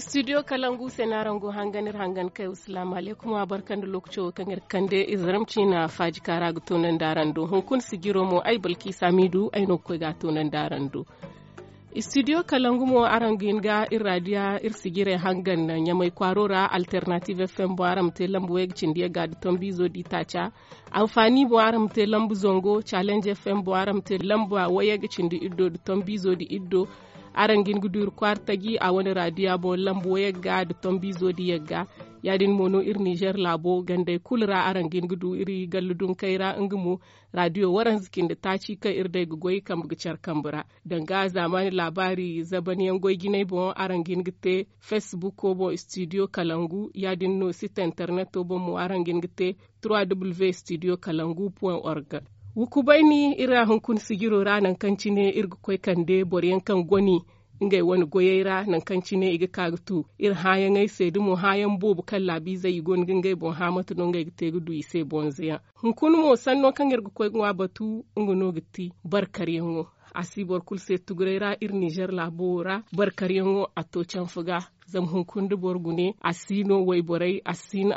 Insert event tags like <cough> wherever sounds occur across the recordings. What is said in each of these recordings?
studio kalangu senarango hanganir hangan kai assalamu alaikum wa barkan da lokacin kan da izramci na faji kara ga tonan darando su giro mu ai bulki samidu ai no ga tonan darando studio kalangu mu arangin ga irradiya ir sigire hangan nan ya mai kwarora alternative fm bo aram te lambu weg dia ga ton bizo di tacha amfani bo aram te lambu zongo challenge fm bo aram te lambu a cin di iddo ton bizo di iddo aran gin gudur gi a wani radiya bo lambo yagga da tombi zodi yagga yadin mono ir niger labo gande kulra aran gin gudu iri galludun kaira ingumo radio waran zikin da ta ci kai irdai gugoi kam gicar kambura ga zamani labari zaban yangoi ginai bo aran gin gite facebook ko studio kalangu yadin no site internet to bon aran gin gite www.studiokalangu.org wukubaini ira hunkun sigirora nan ne irga koy kande boryen kan goni ingay wani goyera nan ne iga kagutu ir hayan ai sai mo hayan bobu kan labi zai gon gingai bon hamatu don gai te gudu ise bonzeya hunkun mo sanno kan irga kwai gwa batu no gitti barkare ngo asibor kulse tugreira ir niger labora barkare ngo ato fuga zam hun kundu borgune asino a boray asin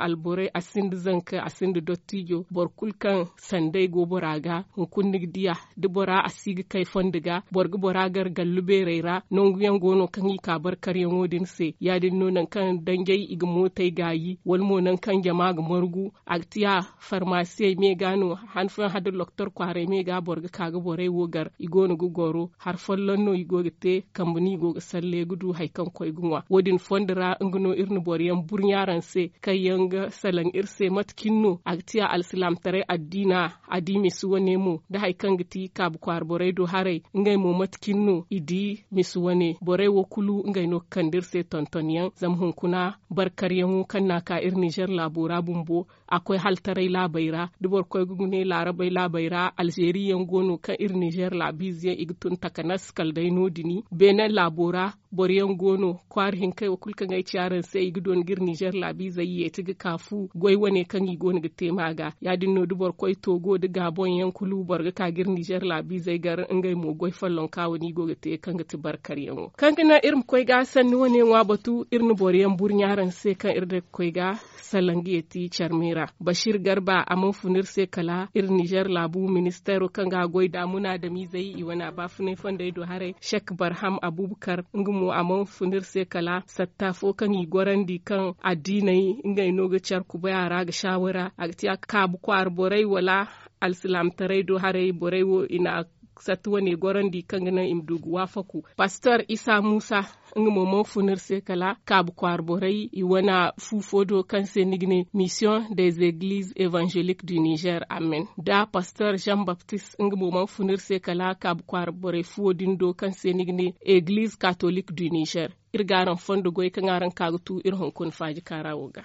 a sin zanka a sin dottijo bor kulkan sandai gobora ga hun kunni diya de bora asig kai fondiga borgu boragar gallube reira guyan gono kan yi kabar karyan wodin se yadin nonan kan dangai iga motai gayi walmo nan kan jama ga morgu tiya farmasiya me gano hanfin hadu loktor kware me ga borgu kaga borai wogar igonu gugoro har fallon no igogite kambuni goga salle gudu haikan koy gunwa wodin fondira ngno irni bor burnyaran yaran se kai yanga salan irse matkinno agtiya alsilam tare addina adimi suwa nemo da haikan giti kab kwar borai do harai ngai mo matkinno idi misuwane borai wo kulu ngai no kandirse tontoniyan zamhun kuna barkar yanwu kan ka irni jar labora bumbo akwai haltarai labaira dubar koi gugune larabai labaira algerian gono kan ir niger labiziya igtun takanas kaldai nodini benin labora boriyan gono kwarhin hin kai wakul kan ai ciyaran sai gidon gir niger labiza yi tigi kafu goi wane kan yi goni gite maga ya dinno dubar kwai togo da gabon yan kulu ga ka gir niger labiza gar ngai mo goi fallon ni go gite kan gite barkar yanwo kan gina irin kwai ga san ni wane wa batu irin boriyan burnyaran sai kan irde kwai ga salangi charmira kanga bashir garba a mafunir se kala ir niger labu ministero kanga da muna da mi zai yi wani ba funai fonda ido hare shek barham abubakar ngumu a mafunir se kala sattafo kan i gorandi kan addinai ingai noga char ku ga shawara a tiya kabu kwar borai wala alsilam tarai do hare borai wo ina satuwane gorandi kangana imdugu wafaku pasteur isa musa nga momon funir sekala kab kwar borey iwana fufodo kan senigne mission des églises évangéliques du niger amen da pasteur jean baptiste nga momon funir sekala kab kwar borey fuodindo kan senigne église catholique du niger irgaran fondo goy kangaran kagtu irhon kun faji karawoga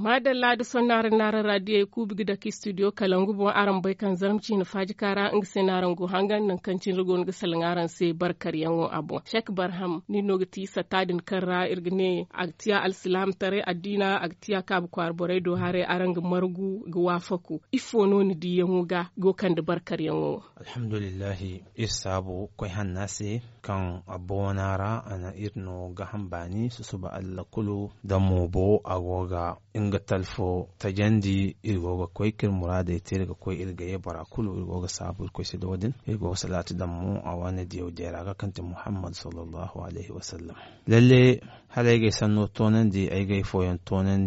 madalla da sonarin naran radiyo ku bigi da ki studio kalangu bon aran bai kan zaramci na faji kara ing gise narin go hangan nan kan cin rigon ga salin aran se barkar yango abo shek barham ni no gati satadin karra irgne agtiya alsilam tare adina agtiya kab kwar bore do hare aran ga margu ga wafaku ifo no ni di yango ga go kan da barkar yango alhamdulillah isabu ko han nasi kan nara ana irno ga hambani su suba allakulu da mobo agoga inga talfo tajandi irgoga koy kir murada iterga koy irga ye barakulu irgoga sabu koy se wadin irgoga salatu dammu awana diyo jeraga kanta muhammad sallallahu alaihi wasallam lalle halaygay sanno tonandi aygay foyan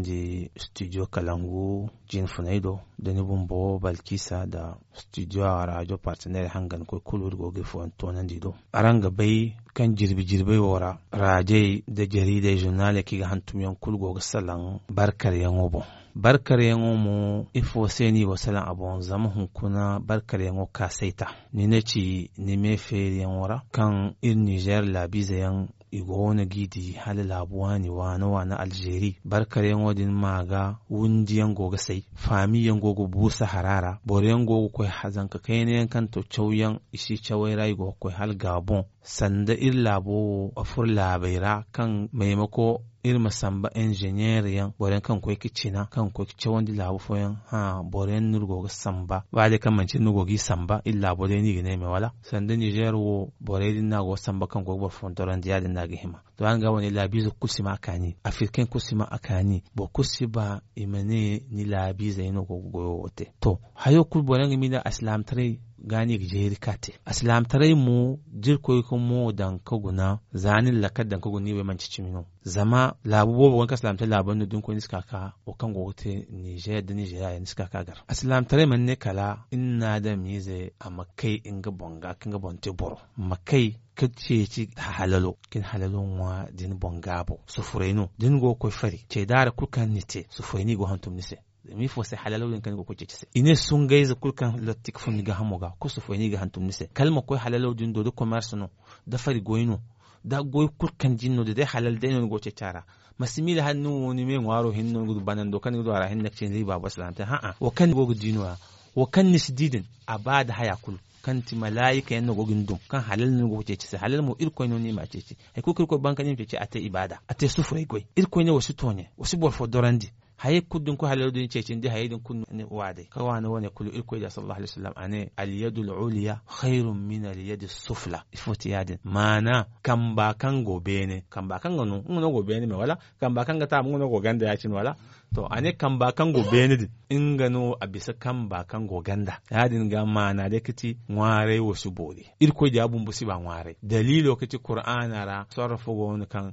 di studio kalangu jin da danibun bo balkisa da studio a rajo partenaire hangan ko kulur goge foyan di do aranga bay kan jirbi jirbi wora rajai da jarida jurnal ki ga hantum yan kul goge salan barkar yan obo barkar yan omo ifo seni wa salan abon zama hunkuna barkar yango ka saita ni na ci ni me yan wora kan ir niger labiza yan igona gidi hali labuwani wana aljeri yan wadin maga yan goga sai yan gogo busa harara yan gogo kai hazan ka kai ne kan to yan ishi cawai rai gogo hal gabon sanda ir labo afur labaira kan maimako irma samba engineer yan boren kan ko kicina kan ko kice wandi labo foyan ha boren nurgo samba wale kan manci nurgo gi samba illa bore ni gine me wala sanda niger wo bore din na go samba kan ko bor fontoran diya din na hima to an ga wani labizu kusima akani african kusima akani bo kusiba imane ni labiza ino go wote to hayo kul boren mi da islam tare gani jeri kate aslam tarai mu jirkoi ko mo dan koguna zanin lakar dan koguni bai manci cimino zama labu bobo wanka aslam ta laban da ko niska ka o kan gote niger da nigeria ya niska ka gar aslam tarai man ne kala inna da mize a makai ga bonga ga bonte boro makai ce ci halalo kin halalo wa din bo sufureno din go ko fari ce dara kukan nite sufreni go hantum nise mi fo se halalo yin kan ko cece ine sun gaiza kulkan latik fun ga hamoga ko su ni ga hantum nise kalma ko halalo din do do commerce no da fari goyno da goy kulkan jinno de dai halal de no go ceccara masimila hannu woni me waro hinno gudu banan do kan gudu ara hinna ni riba baslan ta ha wa kan go dinwa wa kan nisdidin abada haya kul kanti malaika yanno go gindum kan halal ne go ce ce halal mu irko ni ma ce ce ai ko kirko banka ne ce ce ate ibada ate sufure goi irko ne wasu tonye wasu bor fo dorandi haye kudun ko halal dun cecin di haye dun kun ne wade ka na wani kulu ilko da sallallahu alaihi wasallam ane Aliyadu yadul uliya khairun min al sufla ifoti yadin mana kan ba kan gobe ne kan ba kan ganu ngono gobe ne wala kan ba kan ga ta ngono go ganda ya cin wala to ane kan ba kan gobe ne din in gano a bisa kan ba kan go ganda yadin ga mana da kiti Nware wasu bode. ilko da abun busi ba nware. dalilo kiti qur'ana ra sarrafa go kan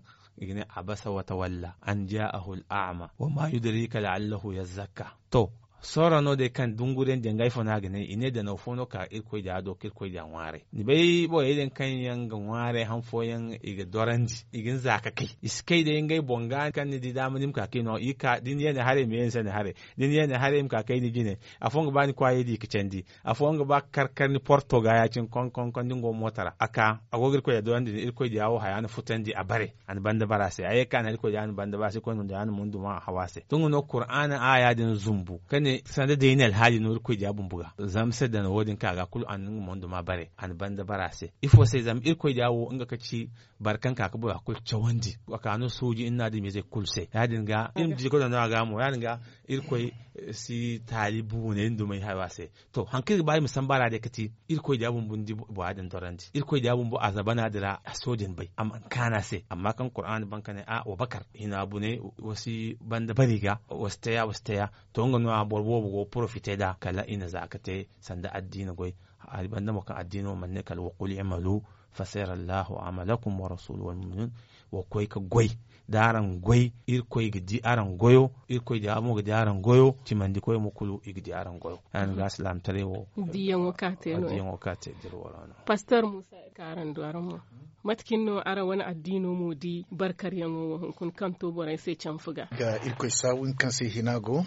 عبس وتولى أن جاءه الأعمى وما يدريك لعله يزكى تو sora no de kan dunguren de ngai fona gane ine de no fo no ka ir koy da do kirko koy ware ni bai bo yeden kan yan ga ware han fo yan iga e dorandi igin e zaka kai iskai de ngai bonga kan ni di damanim ka kino ika din yana hare me yan sani hare din yana hare im ka kai ni jine afon ga bani kwaye di kicendi afon ga ba kar ni porto ga ya cin kon kon kon dingo motara aka agogir koy ya dorandi ir koy o yawo hayana futendi a bare an banda barase ayi kan ir koy da an banda ba barase kon da an mundu ma hawase tungo no qur'ana aya din zumbu kan ne sanda da yin alhali no ko ja buga zam se da na wodin kaga kul an mun duma bare an banda bara se ifo se zam ir ko jawo ka kaci barkan ka kubu ko chawandi akano soji inna da me zai kul sai ya dinga in ji ko da na ga mu ya dinga ir ko eh, si talibu ne in duma hawa se to hankali bai musan bara da kati ir bun bun di. bu adin toranti ir ko a bo azabana dira sojin bai amma kana se amma kan qur'ani banka ne a wa bakar hina ne wasi banda bariga wastaya ya to ngano bor wo go profite da kala ina za ka te sanda addini goy hariban da makan addini man ne kal waqul yamalu fasayara Allahu amalakum wa rasuluhu wal mu'minun wa koy ka goy daran goy ir koy gidi aran goyo ir koy da mo gidi aran goyo mandi koy mo kulu igidi aran goyo an ga salam tare wo diyan wakate no diyan wakate dir warano pastor Musa karan duwaran mo matkin no ara wani addino mo di barkar yanwo kun kanto bore sai can fuga ga ir koy sawun kan sai hinago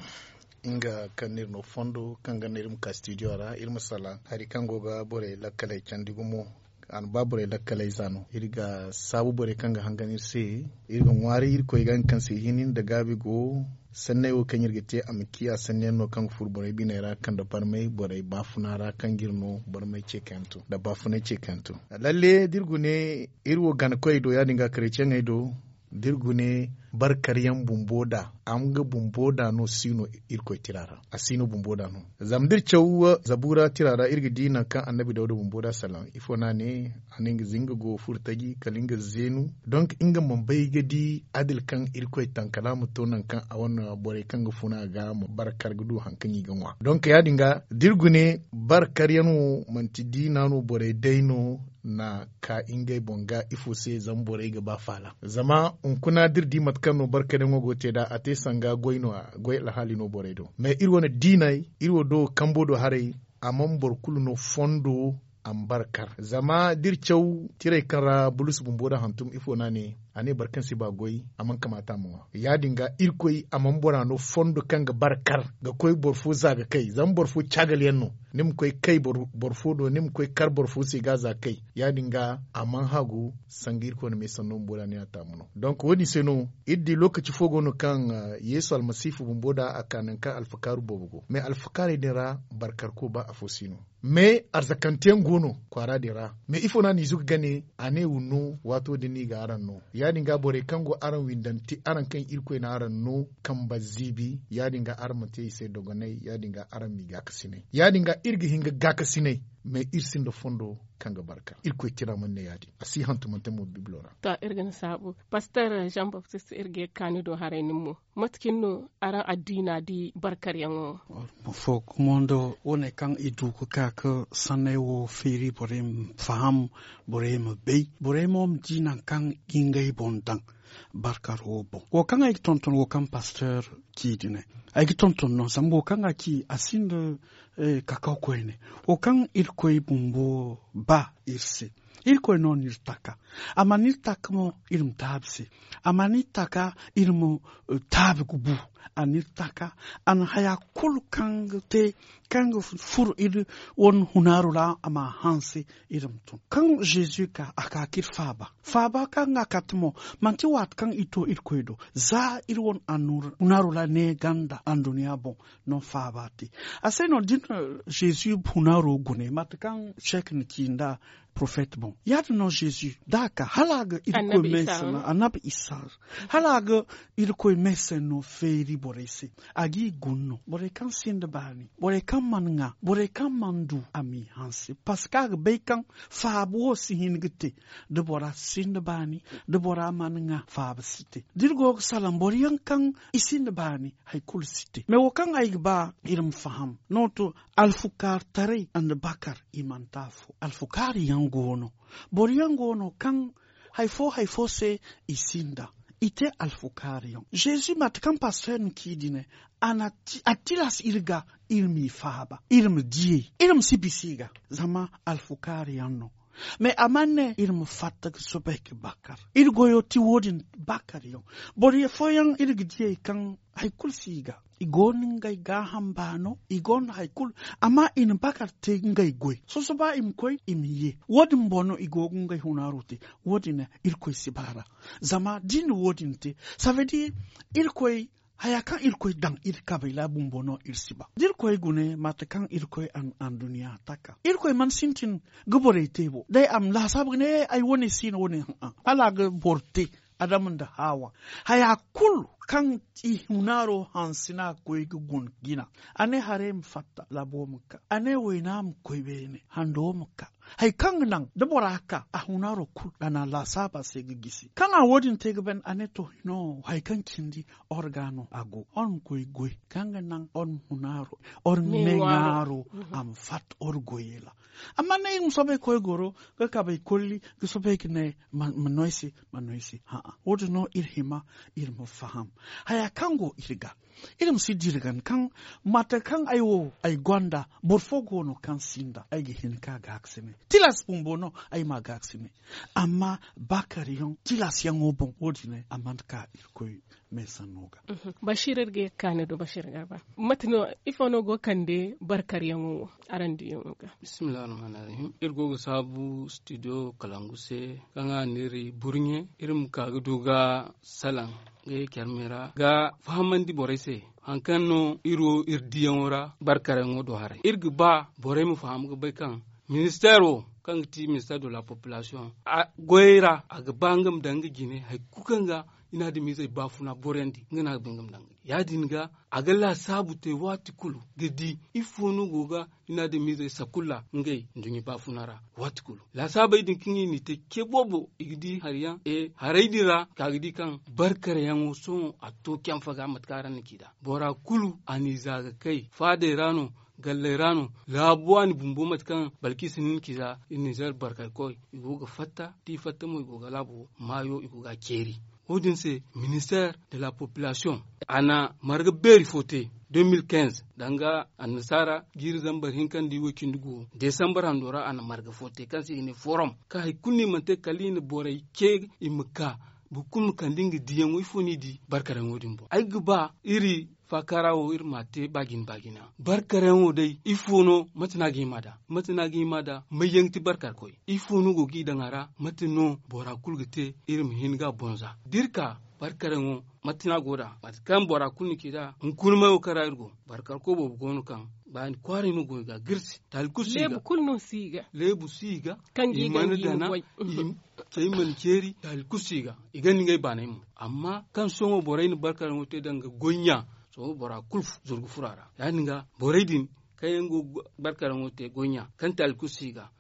inga kanir no fondo kanga nirim ka studio ara ilmu sala hari kango ga bore la kala candigumo an babure la kale zano irga sabu bore kanga hanganir se irga ngwari ir ko igan kan se hinin da gabi go sanne wo kan irga amki a sanne no kan fur bore bina ra kan da parme bore bafuna ra kan girno mai ce kanto da bafuna ce kanto lalle dirgune ne irwo gan koido ya dinga kreche ngaido dirgu ne bar karyan bumboda am ga bumboda no sino irko tirara a sino bumboda no zamdir cewa zabura tirara irga dina kan annabi dauda bumboda salam ifona ne aninga zinga go furtagi kalinga zenu donk inga mambai gadi adil kan irko tankala tonan kan a wannan bore kan ga funa ga barkar gudu hankani ganwa donk ya dinga dirgune barkar yanu dina no bore daino na ka ingai bonga ifo sai zambore ga ba fala zama unkuna dirdi mat barkanno barkaɗen o goteda ate sanga goyno goyɗla haali no ɓorey do mais iri wona dinay iri wo do kambo ɗo haray amman borkulu no fondo ambarkar zama dir cew tirai kanra bulus bumboda hantum ifo nani ane barkan ba goyi aman kamata mu ya dinga irkoyi aman borano fondo kanga barkar ga koy borfu ga kai zan borfu chagal yanno nim koy kai borfu do nim koy kar borfu si za kai ya dinga aman hagu sangir ko me sanno bola ne ata mu donc woni seno iddi lokaci fogo no kan uh, yesu almasifu boda akanan ka alfakaru bobugo me alfakari dira barkar ko ba afosino me arzakantiyan gono kwara dira me ifo na nizu gane ane unu wato dini ga aran no yadin ga bore kango aran windanti aran kan irkwe na aran no kan bazibi yadin ga aran mate sai dogonai yadin ga aran mi ga kasine yadin ga irgi hinga ga mais irsindo fondo kanga barka ir koy kiraman ne yaadi a sihantumante mo biblora to ergen saabu pasteur jean baptiste irge kanido haraynin mo matkinno a diina di barkar yango fo kumondo wone kan i duku kaka sanne wo firi borem faham borem bey boremom dinan kan gingay bondan barkar wo bon wo kan ay tonton wo kan pasteur kidine ay tonton non sambo kan a asinde eh, kakaw koyne o kan ir koy bumbo ba irse irko non irtaka amani il ilm tabsi amani taka ilmu tab gubu taka an haya kang te kang fur il won hunarula ama hansi il tun Kang jesu ka akakir faba faba kanga akatmo manti wat kan ito za il won anur hunarula ne ganda an duniya bon non faba ti aseno din eh, jesu hunaru gune matkang kan chekin prophète bon yadno jésus daka halaga il mesena Anab isar halaga commence meseno feeri borese agi gunno bore kan de bani bore kan manga. bore kan mandu ami hansi parce que aga si kan faabu wo de bora sinde bani de bora manga nga site dirgo salam bore yan kan de bani hay kul site me wo kan ba irim faham noto alfukar tare and bakar imantafu. alfukar yan Boriangono quand kan haifo haifo se isinda ite alfukarion jésus mat kan pasen kidine anati atilas irga ilmi faba irm die irm sibisiga zama alfukarion no me amane ilm fattak sobek bakar il ti wodin bakar yon bor foyan kan haikul siga. igon ngai ga hambano igon haikul amma in bakar te ngai goi so so ba im koi im ye wodin bono igogun ngai wodi wodin irkoi sibara zama din wodi te ça veut dire irkoi haya kan irkoi dan ir kabila bumbono irsiba dirkoi gune mata kan irkoi an an duniya taka irkoi man sintin gubore tebo dai am la sabgne ayi woni sin woni ala ga borte adamun da hawa haya kulu kan ihunaro hansina koygu gun gina ane hare mfatta labomka ane weinam koybene handomka haikang nang da boraka ah, a hunaro kudana la saba segi gisi kanga wodin tege ben aneto no haikang kindi organo ago on koy goy kanga nang on hunaro on mengaro mhm. am fat orgoyela amma ne um sobe koy goro ga ka bay kolli ga sobe kine manoisi manoisi ha wodin no irhima irmo faham haya kango irga ilim si jirgan kan mata kan ay wo gwanda bor fogono kan sinda ay gihin ka gaksime tilas bumbono ay ma gaksime amma bakar yon tilas yan obon wodine amant ka irkoy mai sannuga mhm. bashirar ga kane do bashir garba matno ifano go kande barkar yamu Bismillah ar-Rahman ar rahim irgo go sabu studio kalanguse kanga niri burnye irim kaga duga salan ga kermera ga fahamandi borese hankan no iro irdiyan wora barkar yamu do hare irgu ba bore mu faham ga bai kan ministero kan ti ministère de la population a goyra a ga bangam danga gine hay kukanga ina di mizai bafuna borendi ngana bingam dangri ya ga agala sabu te wati kulu gidi ifunu goga ina di mizai sakula ngai ndungi bafunara wati kulu la sabu idin kingi ni te kebobo igidi hariya e haraidira kagidi kan barkar yango so atto kyan faga matkaran kida bora kulu anizaga kai fade rano gallerano labuwani bumbu matkan balki sinin kiza inizar nizar barkar koi igoga fatta ti fatta mo igoga labu mayo igoga keri ودنسي ministère de la population ana marga beri fote 2015 danga annasara jiri zambar hinkan di wakin dugu desambar andora ana marga fote kan si ini forum ka kuni kunni mante kalini boray ke imka bukum kandingi diyan funi di barkaren wodin bo ai guba iri fakarawo iri mate bagin bagina barkaren wo dai ifono matina gi mada matina gi mada mayyanti barkar koy ifuno go gi dangara matino bora kulgite iri hinga bonza dirka barkaren wo matina goda matkan bora kulni kida nkun mayo barkar ko bo gonu kan bani kware mi goy ga girsi tal siga. lebu kulno siga lebu siga kangi gangi dana tay <laughs> man keri tal siga igani ngay banay mu amma kan songo boray ni barkar te danga gonya so bora kulf zurgu furara yani nga boray din kayengu barkaran te gonya kan tal wo.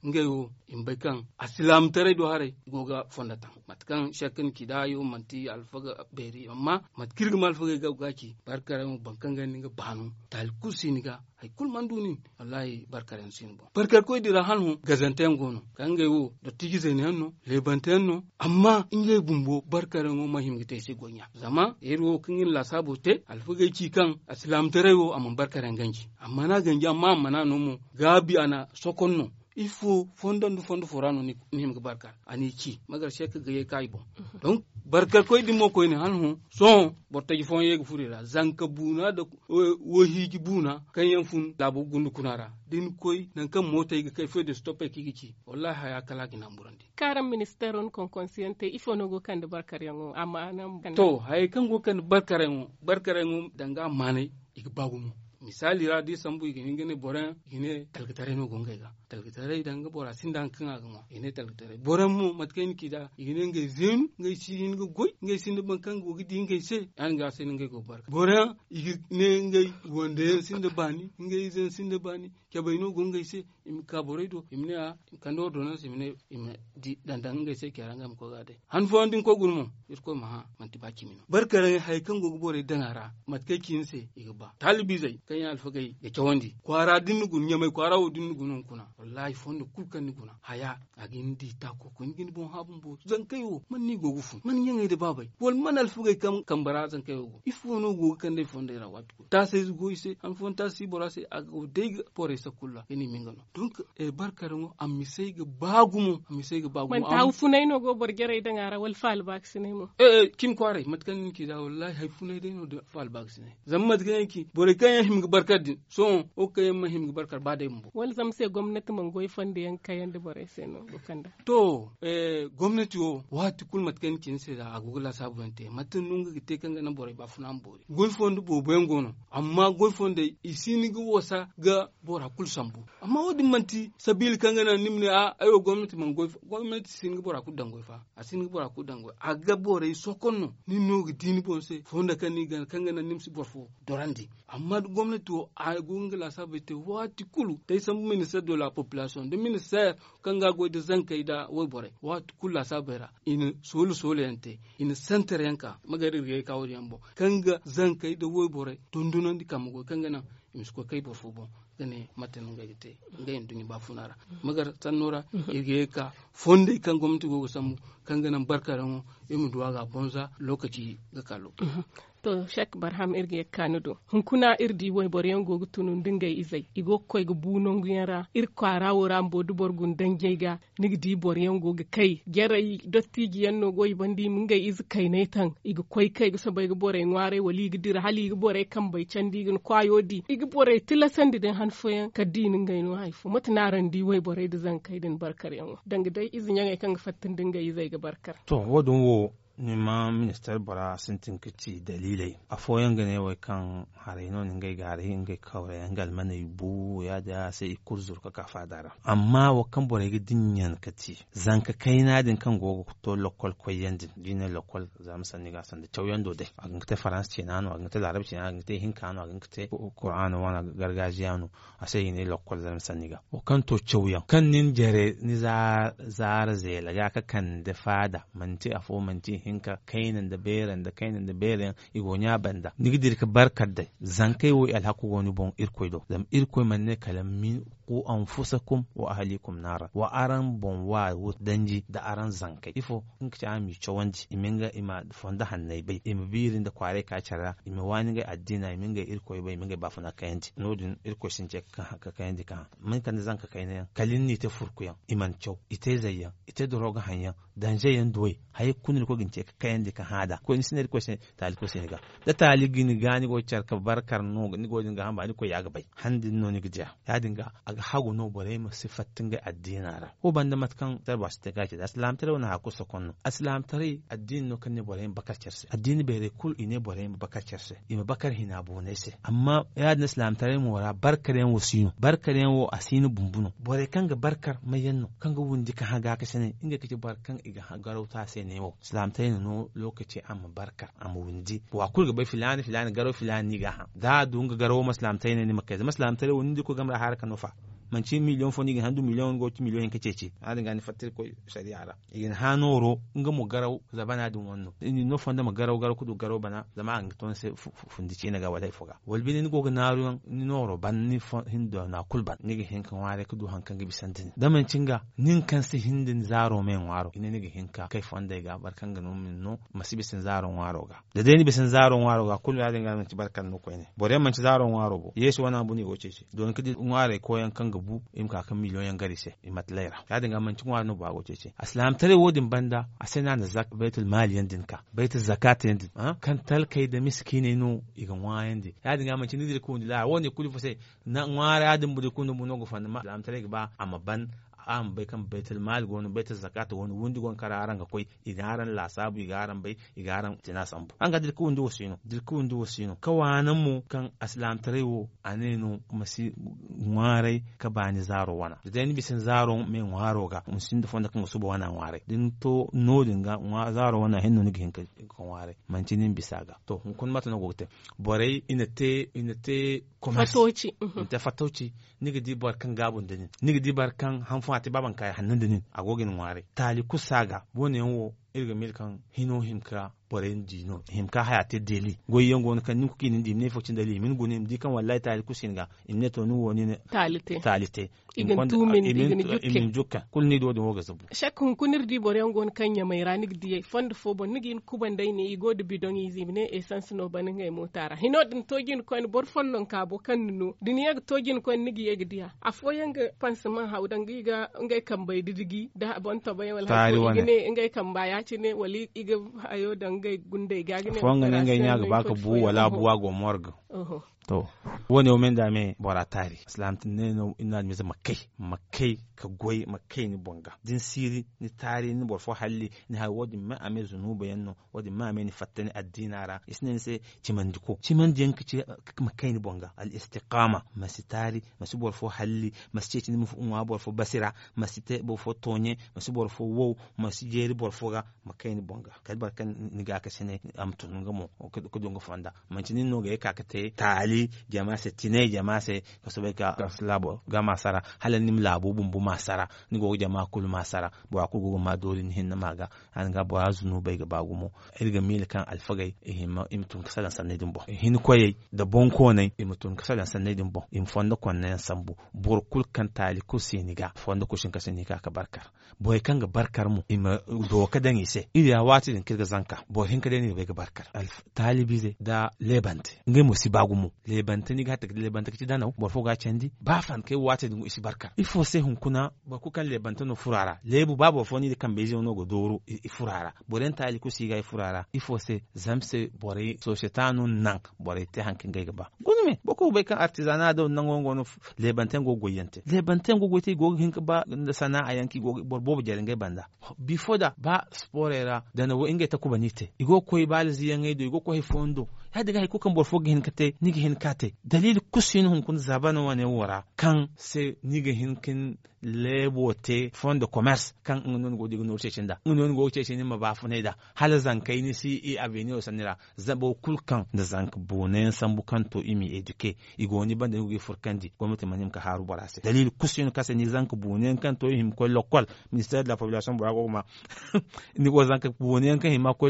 ngayo imbai kan aslam tare do hare goga fondata matkan shakin kidayo manti alfaga beri amma matkirgma alfaga gaki barkaran bankan ngani nga banu tal kusiniga ay kul mandunin wallahi sin sinbo barkar koy dira hanu gazanten gono kange wo do tigize ne hanno lebanten no amma inge bumbo barkaren wo mahim gite se gonya zama yero kingin la sabote alfuge ci kan aslam terewo amma barkaren ganji amma na ganja amma amma na no mu gabi ana sokonno ifo faut fondon du fondo forano ni mi barka ani ki magar shek gaye kai bon mhm. donc barka koy di mo koy ni han hu son bo tay fon yeg furira zanka buna de wo hiji buna kan yan fun la bo gundu kunara din koy nan kan mota ga fo de stopper ki kiki wallahi haya kala gina burandi karam minister on kon consciente ifo no go kan barkar yango amma nan to hay kan go kan barka yango barkar yango danga mane ik bagumu misali ra di sambu gini gini boren ne talgitare no gonga ga talgitare idan ga bora sin dan kan aga ma ine talgitare boren mu matken ki da ine nge zin nge si nge goy nge sin ban kan go gidi nge se an ga sen nge go barka boren ne nge wonde sin da bani nge zen sin da bani kebayinu gungaise im kaboredo imne a kande ordonnance imne im di dandangaise keranga mi kogade han fo andin ko gurmo irko maha manti bakimino barkarange hay kan kango gubore dangara matke kinse igba talbi zai kan ya alfa gai ga kewandi kwara dinnu gun nyamai kwara wo dinnu gunun kuna wallahi fondo kulkan guna haya agindi ta ko kun gin bon habun bo zan kayo man ni gogu fu man yangai da babai wal man gai kam kambara zan kayo go ifo no gogu kan dai fondo ra wat ta sai go ise an fon ta si borase ago deg pore bisa kulla ini mingano donc e eh, barkarango am misayga bagumo am misayga bagumo man taw funayno go borgere da ngara wal fal vaccine mo e kim kware matkan ki da wallahi hay funayde no da fal vaccine zam matkan ki bore kan him barkar din so o kay ma him ga barkar de mo wal zam se gomnati mo goy fande yan kayan de bore seno no kanda to e gomnati o wati kul matkan kin se da agugula sabunte matan nunga te kan ga na bore ba funan bore goy fondu bo bengono amma goy fonde isini go wasa ga bora kul sambu amma wodi manti sabil kangana nimne a ayo gwamnati man goy gwamnati singapore bora ku dangoy fa a singapore bora ku dangoy a gabore sokonno ni nogi dini bonse fonda kan ni gan kangana nimsi borfo dorandi amma gwamnati o a gongala sabete wati kulu tay sambu minister de la population de ministère kanga goy de zankai da woy bore wati kula sabera in solo solo ente in center yanka magari riyai kawo yambo kanga zankai da woy bore dondonandi kamago kangana imsko kai borfo bon gane matan ga gite mm. dunyi ba funara mm. magar tan nora mm. yage ka fonde kan gwamnati go samu kan ganan da mu duwa ga bonza lokaci ga kalo mm-hmm. to shek barham irge kanudo hunkuna irdi woy boryen gogu tunun dingay izay igo koy go bunon guyara ir kwara wora mbodu borgun gun ga nigdi boryen gogu kai gerai dotti yanno goy bandi mungay iz kai ne igo koy kai go sabay go boray ngware wali gidir hali go boray kambay candi gun kwayodi igi boray sandi den han kaddi kadin ngay no mat matnaran di woy boray de zan kai din barkar dangi day izi yangay kan fattin dingay izay ga barkar to wodun wo nima minister bora sintin kici dalilai a foyan gane wai kan harai non ngai gare ngai kawai an galmana bu ya da sai ikur zurka ka fadara amma wa kan bora gidin yan kati zanka kai na din kan gogo to lokol koyan din dinin lokol za mu sanni gasan da tauyan dai a ganta ta faransa ce nanu a ganga ta larabci a ganta ta hinka nanu a ganta qur'ani wana gargajiya nu a sai ne lokol za mu sani ga wa kan to tauyan kan nin jere ni za zara zai laga ka kan da fada manti afo manti hinka kainan da beren da kainan da beren igonya banda nigdir ka barkar da zankai wo alhaku woni bon irkoido do irkoi manne kalam min ku kum wa kum nara wa aran bonwa danji da aran zanka ifo in ka ami chawanji iminga ima fonda hannai bai ima birin da kware ka cara ima wani ga addina iminga irko bai iminga ba funa kayanti nodin irko sin je kan haka kayanti kan mun kan zanka kayan kalin ni ta furkuya iman chau ite zayya ite doroga hanya danje yan doyi hay kunil ko gince kayanti kan hada ko in sinar ko sin tali ko sin ga da tali gini gani go charka barkar no ni go ga hamba ni ko ga bai handin no ni gija ya dinga aga hagu no bore ma addina ra ko banda matkan tarba su gaci da aslam tare wani haku sokonno aslam tare addin no kan ne bore ma bakar addini bai bere kul ine bore ma bakar cerse ima bakar hina bone se amma ya na aslam tare mu wara barkaren wasino barkaren wo asinu bumbuno bore ga barkar mai yanno kan ga wundi ka haga ka sene inga kike barkan iga garauta se ne wo aslam tare no lokaci amma barkar amma wundi wa kul ga bai filani filani garo filani ga ha da dunga garo maslam tare ne makai maslam tare wundi ko gamra harka nufa manci million fo nigin handu million go ti million ke cece adin ngani fatir ko shari'a ra igin hanoro nga mo garau zabana dun wonno ni no fonda mo garaw garaw garau kudu garaw bana zama an ton se fundi ci naga wadai foga walbi ni go naru ni noro ban ni hindu na kulban nigin hinkan ware kudu hankan gibi santin da man cinga nin kan se hindin zaro men waro ni ni ge hinka kai fonda ga barkan ga no min no masibi masibisin zaro waro ga da dai ni bisin zaro waro ga kullu adin ci barkan no ko ne bore man ci zaro waro bo yesu wana bu ni go cece don kidi ware yan kan ga rubu im ka kan million gari se imat laira ya dinga man cin wani ba goce ce aslam tare wodin banda asena na zak baitul mal yan dinka baitul zakat yan din ah? kan talkai da miskine no igan wayan di ya dinga man cin dir ko ni la woni kuli fose na ngwara adin budi ko munogo mu no aslam tare ba amma ban am bai kan baitul mal gonu baitul zakat woni wundi gon kara aran ga koi idaran la sabu igaran bai igaran tina sambu an ga dirku wundi wosino dirku wundi ka wanan mu kan aslam tarewo anenu si ngware ka bani zaro wana da dai ni bisin zaro me ngwaro ga musin da fonda kan su wana ngware din to nodin ga zaro wana hinno ni gihin kan ngware mantinin bisaga to kun mata na gote borai ina te ina te commerce fatoci mhm. ina fatoci ni gidi bar kan gabun din ni gidi bar kan hanfa fati baban kai hannan da nin agogin ware tali kusaga bone wo irga milkan hino hinka poren dino him ka haya te deli goyi yango on kan ninku kinin dali min gunim di kan wallahi ta ku singa to nu woni ne talite talite igan tu min igan jukke igan jukka kul ni do do woga zabu shakkun kunir di kan ya mai ranik di fond fo bon nigin ne igo de bidon essence no ngai e motara hino din togin bor ka bo kan no duniya togin kon nigi yegdiya afo ngai e kan didigi da bon to bai ngai kan baya ci ne wali iga ayo ngay gunde gagine fongane ngay ñaga wala buwa go morgue to woni o men dame bora tari islam ne no inna mi ma kay ka goyi ma kai ni bonga din siri ni tari ni bolfo hali halli ni ha wodi ma ame zunuba yanno wodi ma ame ni fattani addinara isnen se cimandi ko cimandi yanki ci eh, ma kai ni bonga al istiqama masi tari masi bolfo hali halli masi ceci ni mufu unwa bor basira masi te bor tonye masi bolfo wow masi jeri bolfo ga ma kai ni bonga kai barkan kan ni ga ka sene am tununga mo ko donga fanda manci ni no ga ka ka te tali jama se tine jama se ka sobe ka labo ga masara halan ni labo bum masara ni go jama kul masara bo akul go ma dolin hin na maga an ga bo azunu bai ga bagumo ga mil kan alfagai ehin ma imtun kasalan sanne dimbo hin koyai da bon ko nay imtun kasalan sanne dimbo im fonda konnan sambu bor kul kan tali ko seniga fonda ko shin ka seniga ka barkar bo boy kan ga barkar mu ima do ka dan ise ya wati din kirga zanka bo hin ka dani bai ga barkar alf talibi ze da lebant lebante ngai mo sibagumo lebante ni ga ta lebant ki danau bor fo ga chendi ba fan kai wati din isi barkar ifo se hun kun kuna bakukan lebantano furara lebu fo ni de beje je go doro i furara boren tali ku siga i furara i se zamse bore societanu nan bore te hankin gai gaba gunme boko be kan artisana da nan gongo no lebanten go goyente lebanten go te go ka ba da sana ayanki go bobo jaren gai banda before da ba sporera da na wo inge ta kubanite igo koi balzi yangai do igo koi fondo hadi gai kukan bor fogi hin kate nigi hin kate dalil kusin hun kun zabana wara kan se nigi hin kin fond de commerce kan ngun go digu no cecin da ngun go cecin ma ba fune da hal zankai ni si e avenue sanira zabo kulkan da zank bonen san bukan to imi eduke igo ni banda yugi furkandi gwamnati manim ka haru barase dalil kusin kase ni zank bonen kan to him ko lokal ministère de la population burago ma ni go zank bonen kan him ko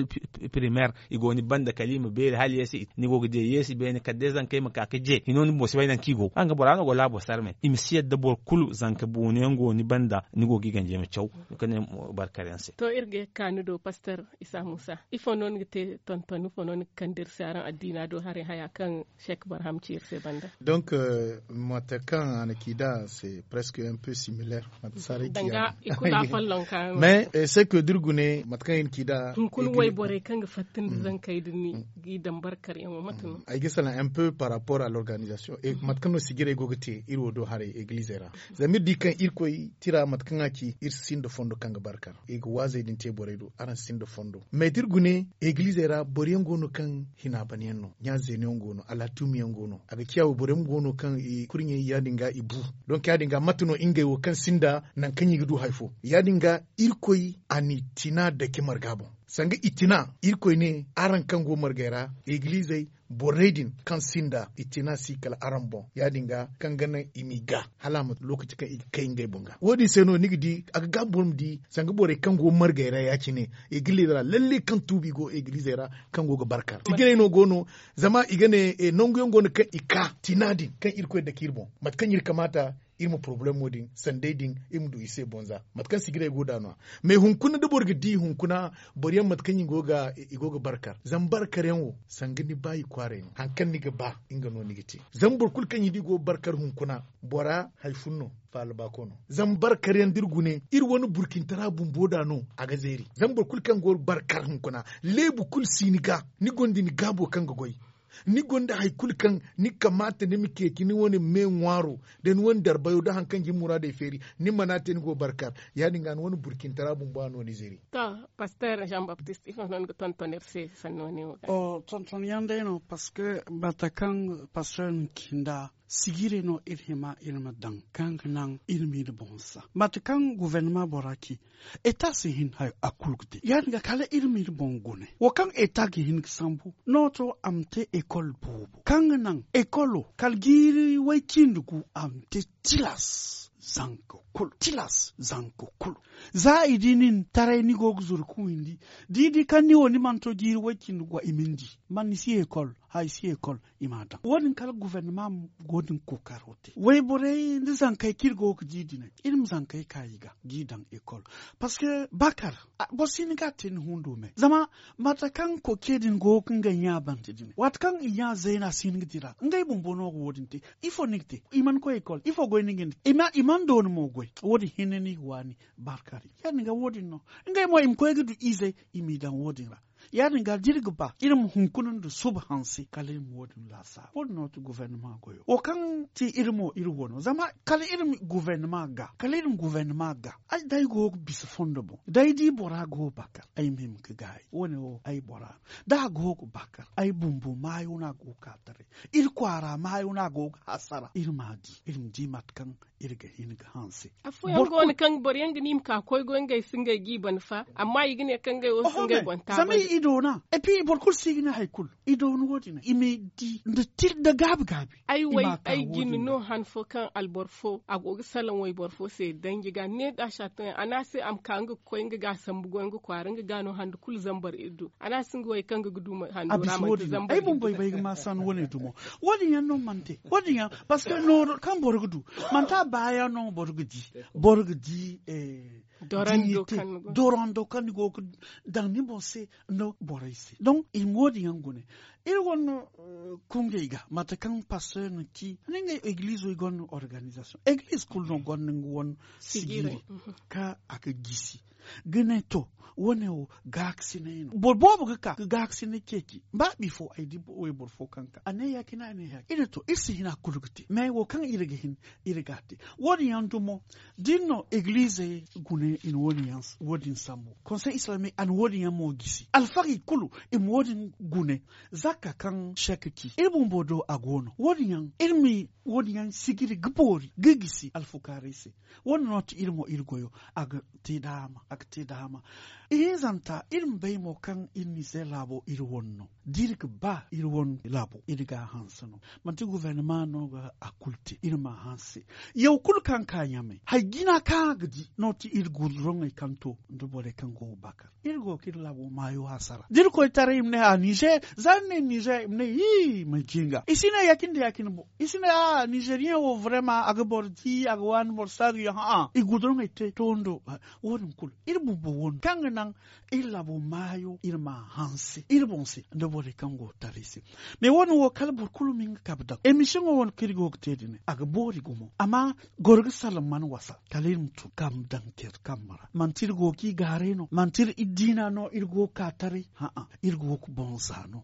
primaire igo ni banda kalima be hal yes yesi ni go de yesi be ne kadezan kai ma ka je hinon mo se ki kigo an ga borano go bo sarme im siyad da bor kulu bo ni ngo ni banda ni go gigan je me chaw kane barkarense to irge kanu pasteur isa musa ifo non gite ton ton ifo non kandir saran adina do hare haya kan sheikh barham se banda donc euh, matakan anakida c'est presque un peu similaire matsare danga ikula <laughs> fallon kan mais euh, c'est que durgune matkan kida kun wai bore kan ga fatin mm. zanke dinni mm. gidan karyan matano mm. ay gisana un peu par rapport à l'organisation et eh, mm-hmm. matkano sigire gogote irwo do hare église ra zamir di kan irko tira matkana ki ir sindo fondo kanga barka. e go waze din te do aran sindo fondo dir gune église ra bore ngono kan hina baniyanno nya zene ngono ala tumi ngono. aga kiyawo bore ngono kan i kurnye yadinga ibu donc yadinga dinga matano inge wo kan sinda nan kanyi gudu haifo yadinga irkoy irko ani tina de kemar gabon. sanga itina irko ne aran kan gomar gaira eglise boredin kan sinda itina si kala arambo ya dinga kan gana imiga halama lokaci kan kai ngai bunga wodi seno nigdi aga gabum di sanga bore kan go margaira ya cine igili da lalle kan tubi go igili zera kan go barkar igene no gono zama igane e nongo ne ka ika tinadin kan irko da kirbo mat kan yir kamata irmu problem wodin sandai din im du ise bonza matkan sigire goda no me hunkuna da borgi di hunkuna boriyan matkan yin goga igoga barkar zan barkar yanwo sangani bayi kwa fare hankan niga ba inga no nigiti zambur kulkan yidi go barkar hunkuna bora haifunno falba kono zan barkar dirgune ir wani burkin tara bumboda no a gazeri zan barkul kan gor barkar hunkuna lebu kul siniga ni gondi ni gabo kan goyi ni gonda haikul kan ni kamata ni mike ki ni woni me ngwaro den won darbayo da hankan ji murade feri ni manate ni go barkar ya dinga woni burkin tarabun ba no ni zeri ta pasteur Jean Baptiste ifa non go tonton toner se ni o oh, tonton ton yande no parce que batakan pasteur kinda sigire no ilhima ilma dan kang nang ilmi de bonsa mat kang gouvernement boraki eta se hin hay akulgde yan ga kala ilmi de bongone wo kang eta gi hin sambu noto amte ekol bubu kang nang ekolo kalgiri wai kindugu amte tilas zanko kulu tilas zanko kulu za dinin tarai ni go zur kuindi didi kan ni woni man to jiri wakin gwa imindi man si ekol hay si ekol imadan woni kal gouvernement godin ko karote way bore ndi zan kai go ko didi ne ilm zan kai kayiga gidan ekol parce que bakar bo ga tin hundu me zama mata kan ko kedin go kun ganya nya bantidin wat kan iya zaina sin gidira ngai bumbono go wodinte ifo nikte iman ko ekol ifo go ningin ima iman don mo go koi wodi hineni wani barkari yani ga wodin no ngai mo im koygi du ize imi dan wodi ra yani ga dirgi ba irin hunkunan da sub hansi kalin wodin lasa wodin no gouvernement goyo o kan ti irin mo irin wono zama kalin irin gouvernement ga kalin irin gouvernement ga ai dai go bis fondable dai di bora go bakar ai mim ka gai woni o ai bora da go bakar ai bumbu mayuna go katare ir kwara mayuna go hasara ir madi di. jimat kan irga hinga hansi afu yang gon kan bor yanga nim ka koy gon gay singa gi ban fa amma yigine kan gay o singa gon ta sami ido na e pi bor kul na hay kul ido no na ime di da til da gab gabi ai wai ai gini no han fo kan al bor fo agogi salan wai bor fo se dangi ga ne da shatan ana se am kan ga koy ga sambu gon ga kwarin ga gano han kul zambar ido ana singa wai kan ga ma han rama zambar ai mun bai bai ma san woni dumo wodi yan no mante wodi yan parce que no kan bor gudu manta bayano borgiji borgiji eh, dignité dorando kanigo dangni bonse no boraisi donc imodi yangune il gonno kungeyga mata kan pasteur no eh, ki nengay église oy gonno organisation église kulno gonno ngu won sigire mhm. ka aka gisi gane to wone o gaksinayno mhm. bor bobo ka ka gaksine keki ba bi fo ay di oy bor fo kanka ane yakina ane yak ina to isi hina kulugti mais wo kan irige hin wodi woni mo dinno église gune in woni yans wodin sambo conseil islamique an woni yamo gisi alfari kulu im wodin gune za saka kan shakiki irbun bodo agono ilmi irmi woniyan sigiri gbori gigisi alfukarisi not ilmo ilgoyo irmo irgoyo aga tidama aga tidama ezanta irin bai mo kan inni se labo iri wonno dirk ba iri won labo iri ga hansano manti gouvernement no ga akulte iri ma hanse yau kul kan ka nyame ha gina ka gidi noti iri gulron ai e kanto ndo bore kan go bakar iri go kir labo mayo hasara dirko tare imne a niger zanne niger imne yi mai jinga isina yakin da yakin bo isina a nigerien wo vraiment aga bordi aga wan borsari ha a igudron ai e te tondo won kul iri bubu won kan na kan illa bo mayo ma hansi ilbonsi ndobore kango tarisi me won wo kalbur kulu min kabda emission won kirgo tedine aga bori gumo Ama wasa kalim tu kam danke kamara mantir go ki gareno mantir idina no go ha ha bonzano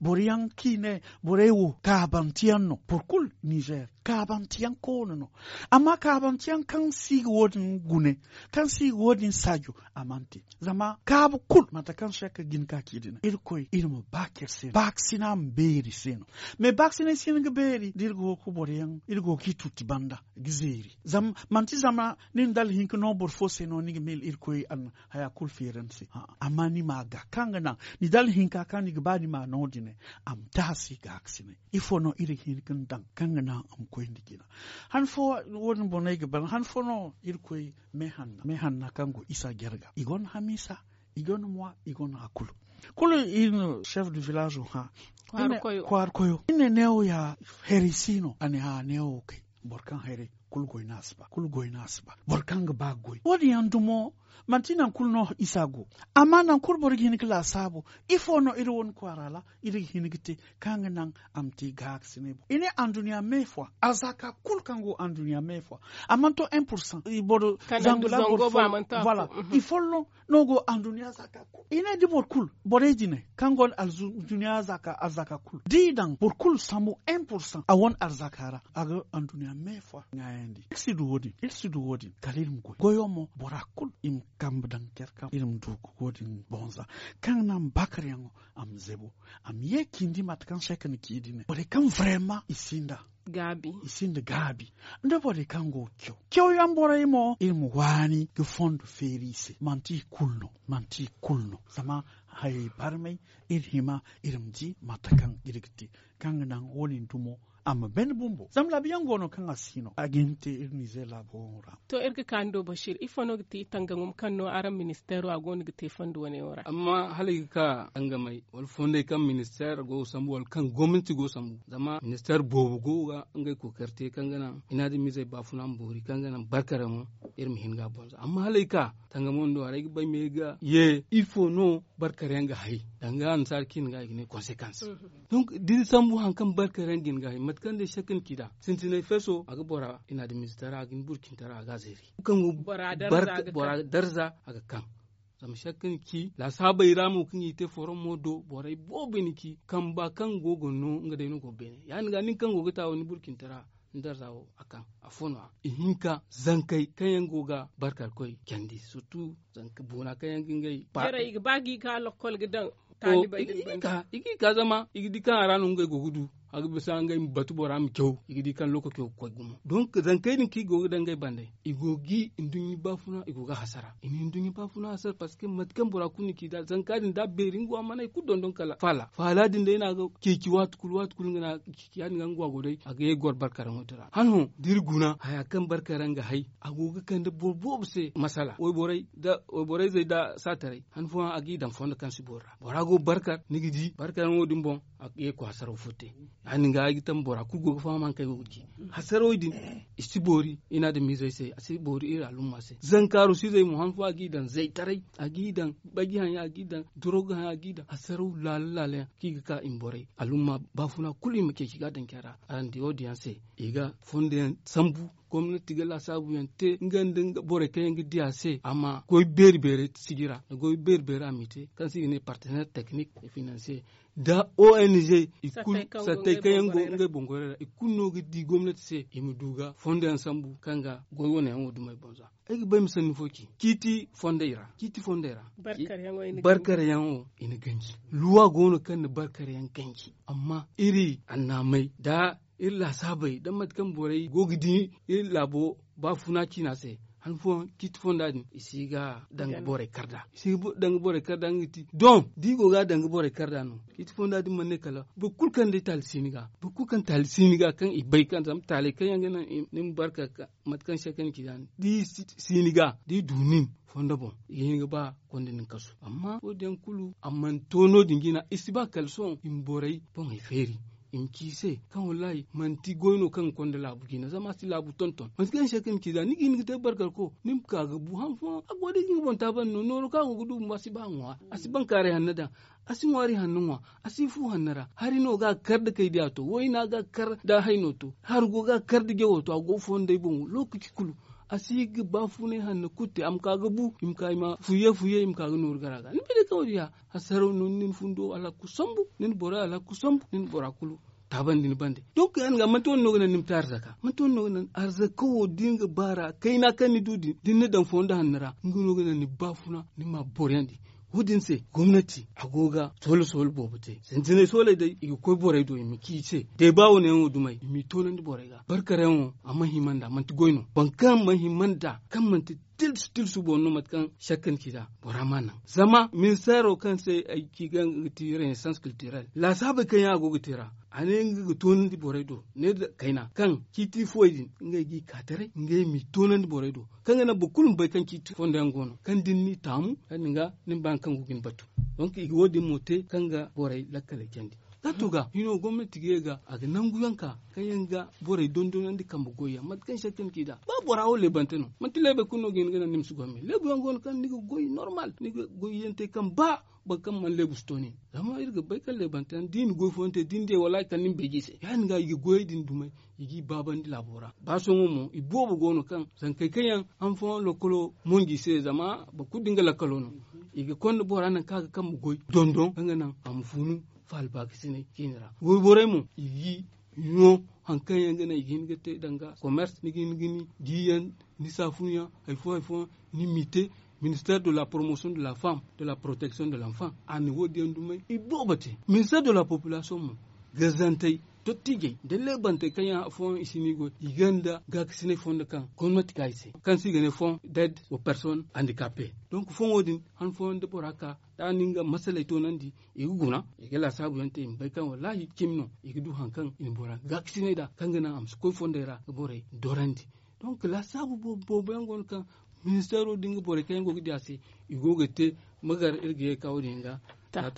bore kine bore wo kaabantiyaŋ no burkul niger kabantian koonu no ama kabantian kan si wodin gune kan si wodin sajo amanti zama kabu kul mata kan shaka gin ka kidina ir koy ir mo bakir sen bak sinan sen seno me bak sinan sinigi dir go ku bore yaŋ go ki tutti banda gizeri zam manti zama nin dal hink no bor fo no nigi mil ir koy an haya kul ferense amani maga kangana ga ni dal hinka kan nigi ba ni ma no dine am tasi gaaksine il ifo no iri hin kin dan na am koyndi gina han fo won bonay ban han fo no ir koy me hanna me kan go isa gerga igon hamisa igon mo igon akulu kulu in chef du village ha kwar koyo kwar koyo ine neo ya herisino ane ha neo ke borkan heri kulgoy nasba kulgoy nasba bor kanga wodi yandumo mantina kulno isago amana nan kur bor hinik la sabo ifo no iri won kwarala iri hinikte kanga nan amti gak sinebo ini andunia mefwa azaka kul kango andunia mefwa amanto to 1% bor zangula bor voilà il faut lo nogo andunia zaka kul ina di bor kul bor edine kangon al duniya zaka azaka kul didan dan bor kul samu 1% awon arzakara ago andunia mefwa ngaya kayandi irsidu woodi irsidu wodi kalil mgo goyomo bora kul im kamba dan kerka irim dugu wodi bonza kan nam bakar yango am zebo am ye kindi mat kan shekani kidine bore kan vrema isinda gabi isinda gabi nda bore kango kyo kyo yambora imo irim wani ge fondo ferise manti kulno manti kulno sama hay barmai irhima irimji matakan irigti kan nan wonin dumo amma ben bumbo zam labi yango no kan sino agente irni zela bonra to erke kando bashir ifono gti tangangum kanno aran ministero agon gte fandu wane ora amma halai ka anga mai wal fonde kan minister go sambu wal kan gwamnati go sambu zama minister bobu go ga ngai ko karte kan gana ina da mizai ba funan bori kan gana barkara mu irin hinga bonza amma halai ka tangamon do arai bai mega ye ifono barkara nga hai danga an sarkin ga ne consequence mm-hmm. donc din sambu hankan barkara ngin ga hai da shakin kida sintine feso ga bora ina da mizitara burkin burkintara a gazeri kan bora darza ga kan zama shakin ki la saba iramu kin yite foron modo borai bobin ki kan ba kan gogo no nga dai ko bene yani ga ni kan gogo ta wani burkin tara ndarzawo akan afonwa ihinka zankai kayan goga barkar koi kendi surtout zankai bona kayan gingai ba gi ka lokol gidan talibai ka igi ka zama igi kan aranu ngai gogudu ak bisa ngay batu boram ciow kyau igidi kan loko ko ko gumo donc zan kai ni ki gogi dan gai bande igogi indun yi bafuna igoga hasara ini indun bafuna hasara parce que matkan bora kuni ki da zan kadin da berin gwa mana ku don don kala fala fala din da na ga ki ki wat kul wat kul ngana ki yan ngan gwa godai aga ye gor barkaran hanu dir guna haya kan barkaran ga hai agoga kan da bobo se masala oy boray da oy boray zai da satare fo agi dan fonda kan si bora go barkar nigidi barkaran dum bon ak ye ko hasara fute hani yi gitan bora ku go fa man kai ki hasaroidi isti bori ina da mi zai sai bori ira lumma zan karu si zai muhan fu agidan zai tarai agidan bagi han agidan droga han agidan hasaro lalale ki ka in borai alumma bafuna kulli muke shiga dan kera an di audience iga fonde sambu gwamnati gala sabu yan te ngan dinga bore kayan ngi dia se amma koy berbere sigira goy berbere amite kan si ne partenaire technique et financier da ONG satay kayan go ngai ikul no gi di gwamnati se imu duga fonde ensemble kanga go ne hango dumai bonza gi bai musan foki kiti fondeira kiti fondeira barkar yango ina ganji luwa no kan barkar yan ganji amma iri annamai da iri sabai dan matkan borai gidi iri bo ba funa kina se. han fo kit fondani isiga dang bore karda isiga dang bore karda ngiti don digo ga dang bore karda no kit fondani manne kala bu kulkan de tal siniga bu kulkan tal siniga kan bay kan tam tale kan yanga nim barka kan shakan kidan di siniga di dunin fonda bon yeniga ba konde nin kasu amma o den kulu amman tono dingina isiba kalson imborei bon iferi in kise kan wallahi man ti goyno kan konde labu kina zama si labu tonton man kan shekin kida ni gin gite barkar ko nim ka ga bu han fo agodi gin bon taban no no ka go du si ban wa asi ban kare hannada asi wari hannun wa asi fu hannara hari no ga kar da kai da to wo ina ga kar da no to har go ga kar da wo to go fon dai bon lokaci kulu asig bafune hanne kutte am kaga bu im ma fuye fuye im kaga nur garaga ni bede kawdiya hasaro non nin fundo ala sombu nin bora ala sombu nin bora kulu din bande donc an ga man ton nim nimta arzaka man ton nogana arza ko dinga bara kayna kan ni dudi dinne dan fonda hannara ngi nogana ni bafuna ni ma borandi hudinse gwamnati agoga sole sole bobute sentine sole dai igi koy borai do mi kice de bawo ne wo dumai mi tolen di borai ga barkare wo amma himanda man ti bankan man kan man su bo no matkan shakkan kita boramana zama ministero kan se kigan renaissance culturelle la sabe kan ya gogutira ane nga ga tonandi boray ne da kaina kan kiti foydi nga gi katare nga mi tonandi di boredo kan na bukul bay kan kiti fonde ngono kan dinni tamu kan nga nim ban kan gugin batu donc i wodi mote kan ga boray lakkale kendi da toga hino gwamnati ge ga aga nanguyan ka kayan ga borai dondon andi kambo goya mat kan shatem ki da ba bora o lebanteno no ti lebe kuno gen gana nimsu lebe lebu angon kan nigo goyi normal nigo goyente kan ba bakkan man lebu stoni zama irga bai kan lebantan din goyi fonte din de wala kan nim beji se yan ga yi goyi din dume yi gi baban di labora ba so mo i bobo gono kan san kai kayan an fon lokolo mongi se zama ba kudinga lakalono igi mhm. kon bora nan kaga kan mu goy dondon kanga nan am funu falbakisini kinira wurburemu yi yo hankan yangana na gete danga commerce ni gini diyan ni safunya ay fo ay fo ni mité ministère de la promotion de la femme de la protection de l'enfant a niveau d'un domaine ibobate ministère de la population mo tottige delle bante kanya fon isinigo iganda gak sine fon kan gonnati kaise kan sigane fon d'aide aux personnes handicapées donc fon han fon de boraka da ninga masala to nandi igu e guna igela e sabu yante mbai kan wallahi kimno e han kan in bora gak sine da kangana am ko fon dera bore dorandi donc la sabu bo bo kan ministero dinga bore kay go gidi ase igogete magar irge kawdinga ta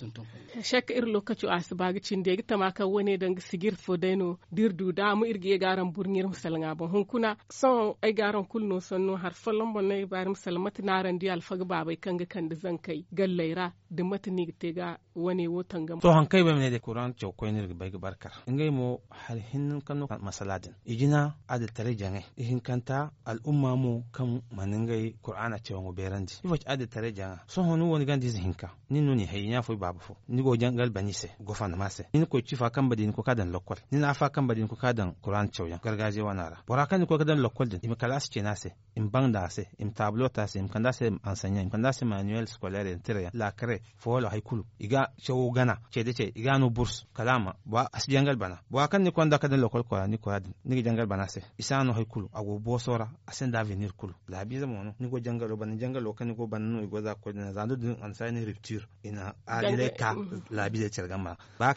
shek ir lokacu asibagicin cin ya gita maka wani dan sigir fodeno dirdu da mu irge garan burnir musalnga bon kuna son ai garan kulno sonno har fallon bon ne bar musalmat naran di alfag babai kanga kan da zan kai gallaira da matni te ga wani wotan ga to han kai bai ne da kuran ce ko ne bai barkar ingai mo har hinnin kan masaladin igina ada tare jange ihin kanta al'umma mu kan maningai qur'ana ce wa berandi ifaj ada tare janga son honu wani gandi zihinka ninu ni hayya foyi b'a fo ni go jangal bani se fan mase ni ko ci fa kamba din ko kadan lokol ni na fa kamba din ko kadan qur'an chawya gargaje wanara bora kan ko kadan lokol din im kalas ce nase im bangda se im tablo ta se im kanda se enseignant im kanda se manuel scolaire intere la cre fo lo haikulu iga chawo gana ce de ce iga no bourse kalama ba as jangal bana bora kan ni ko anda kadan lokol ko ni ko adin ni jangal bana se isano haikulu ago bosora asenda avenir kulu la biza mono ni go jangalo bana jangalo kan ni go banno igo za ko na zando din ansani rupture ina adire ka mm. la. zai cerga ma ba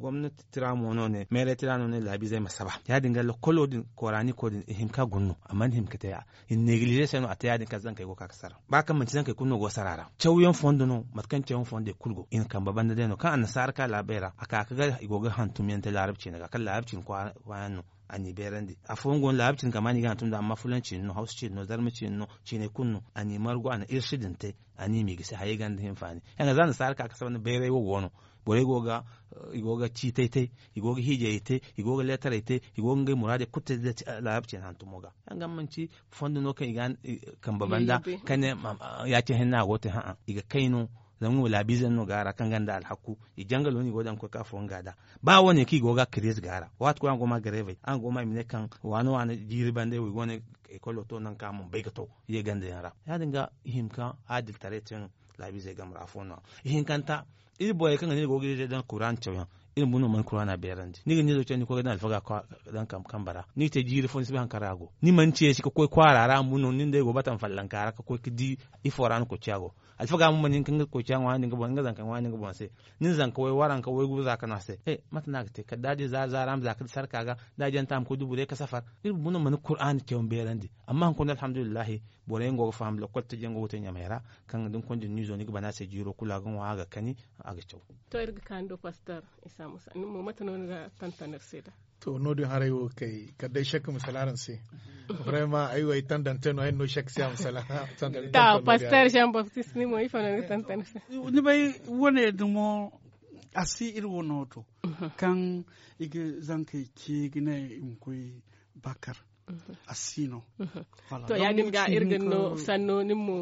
gwamnati tira mono ne mere tira no ne labi ma masaba ya dinga lo kolo din korani ko din him ka gunnu amma him ka ta in neglige sai no ataya din ka zan kai go ka kasara ba kan manci zan kai kunno go sarara chawyon fondo no matkan chawyon fondo kulgo in kan baban da no kan an ka labera aka kaga igoga hantum yan ta larabci ne ka kan larabcin kwanan no ani berende a gon labtin kamani gan tunda amma fulanci no hausci no darmici no cine kunno ani margo ana irshidin te ani mi gisa haye gan hin fani yana zan sar ka kasa wani bere wo wono bore goga igoga ci tai igoga hije ite igoga letter ite igoga ngai murade kutte da labtin han tumoga an gan manci fondo no kan igan kan babanda kane ya ce hinna gote ha'a iga kaino zamu la bizan no gara kan ganda al hakku i jangalo ni godan ko ka fon gada ba woni ki goga kris gara wat ko an goma greve an goma mine kan wano wani jiri bande wi e kolo to nan kam be gato ye ganda yara ya dinga himka adil tare tin la bize gamra fona hinkanta il boye kan ni gogi dan quran chawyan irin bunu man kurana berandi ni ni zoce ni ko dan alfaga ko dan kam kambara ni te jiri fon sibe hankarago ni man ce shi ko kwara ra muno ni de go batan fallan kara ko kidi iforan ko ciago a alfaga mun manin kan ko chan wa ninga nga ngazan kan wa ninga bon se nin zan ko waran ka wai gu za na se eh mata na te kada de za za ram za ka sarka ga da jan tam ko dubure ka safar ir mun man qur'an ke on berandi amma kun alhamdulillah bore ngo fam lo ko te jango wote nyamera kan din kon din nizo ni bana se jiro kula gan wa ga kani aga chau to irga kando pastor isa musa mun mata no ga tantanar seda to no din haray wo kay kaday shak misalaran si vraiment ay way tandante no ay no shak si misala ta pastor Jean Baptiste ni mo ifana ni tandante ni bay si iri mhm. asi irwonoto kan ige zankai kigine imkoi bakar asino to ya dinga irgin no sanno nimmo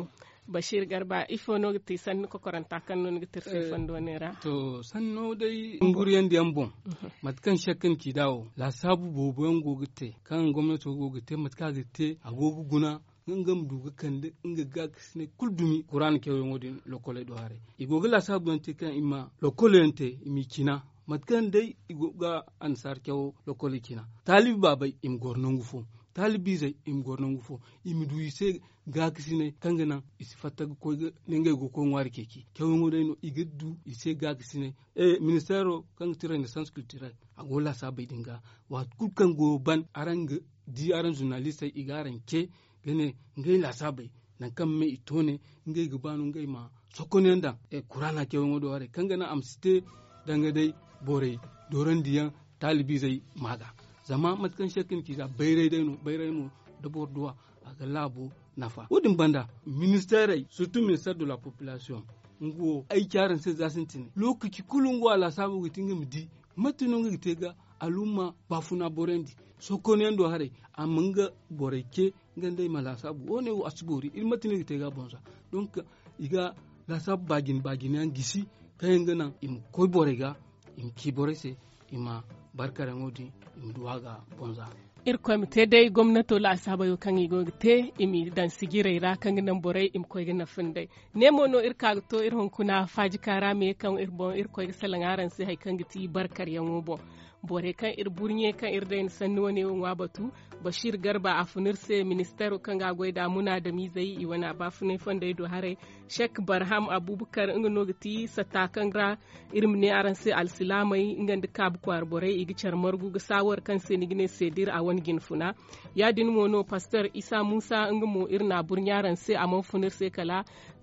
bashir garba il faut no ti sannu ko koranta kan no ngi tirse eh, fandonera to sanno dai nguriyan bon mhm. mat kan shakkan ki dawo la sabu bobo yan gogite kan gwamnati gogite ka gite agogo guna ngam duga kande nga ga kisne kuldumi qur'an ke ngodi lokole do hare igogo la sabu ante kan imma lokole ante imi kina mat matkan dai igoga ansar kewo lokole kina talib babai im gornongu fo talibi zai im gornongu fo imi duise ga ne. kanga na. isi fatta ko nenge go ko ngwar keki kewu ngode no igeddu ise ga ne. e ministero kang tira renaissance culturelle agola sabai dinga wa kukan go ban arang di aran journaliste igaran ke gane ngai la sabai nan kan me itone ngai gubanu ngai ma sokonen da e kurana kewu ngode ware kanga na amsite danga dai bore doron diya talibi zai maga zama matkan shekin kiza bayrai dai no bayrai no da duwa a ga labo nafa din banda ministere surtout ministère de la population ngo ay kyaran se zasin tini lokaci kulungu ala sabu gitinga midi matunonga gitega aluma bafuna borendi sokonendo hare amanga boreke ngandai mala sabu one wo asbori ilmatini gitega bonza donc iga la sabu bagin bagin an gisi kayenga nan im koy borega im ki borese ima barkere ŋudi duwa ga bonza irkoymi te dai gwamnato la asabayo kan igogi te imi dan sigirey ra kan nan boray im koyga nafindey nemo no ir kaga to ir hon kuna faji karame kan ir bon ir koyga salangaran si hay kan giti barkar yan bon bore kan ir burnye kan ir da sanno ne wa batu bashir garba a funir se minister kan ga goida muna da mi zai i wana ba fune fonda do hare shek barham abubakar ngno gati sata kan ra irim ne aran se al silamai inga da kab kwar bore igi char margu ga sawar kan se nigine se dir a wan gin funa ya din mono pastor isa musa inga mo ngmo irna burnyaran se amon funir se kala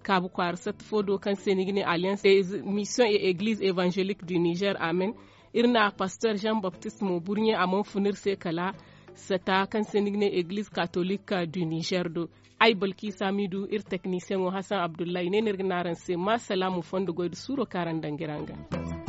kab kwar sat fodo kan se nigine alliance mission et église évangélique du niger amen irna pasteur jean baptiste a amon funir sekala sata kan senigne église catholique du niger do ay balki samidu ir technicien o hassan abdoulaye ne nergnaran se ma salamu fondo goyde suro karandangiranga